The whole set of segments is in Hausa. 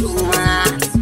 much.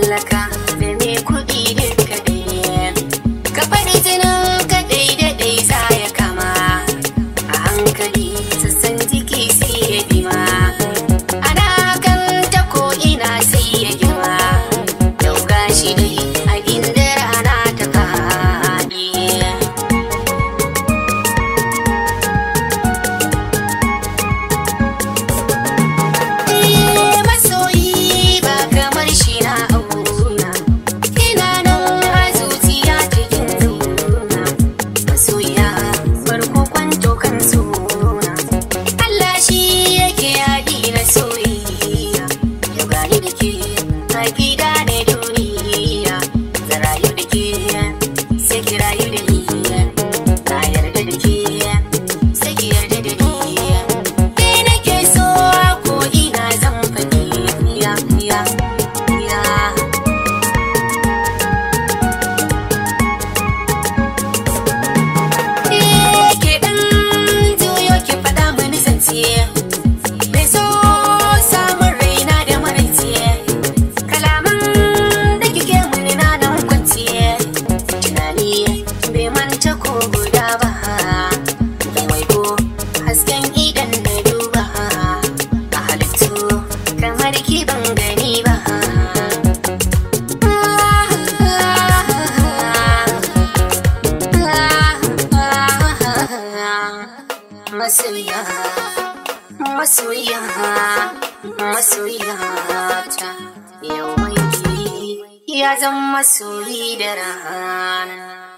mallaka da me kuɗi din kaɗai ka faɗi jinin da ɗai za ya kama a hankali sassan jiki sai ya bima ana kan ta ko ina sai ya gima yau gashi da masoya masoya masoya ta ya zama masoyi da rana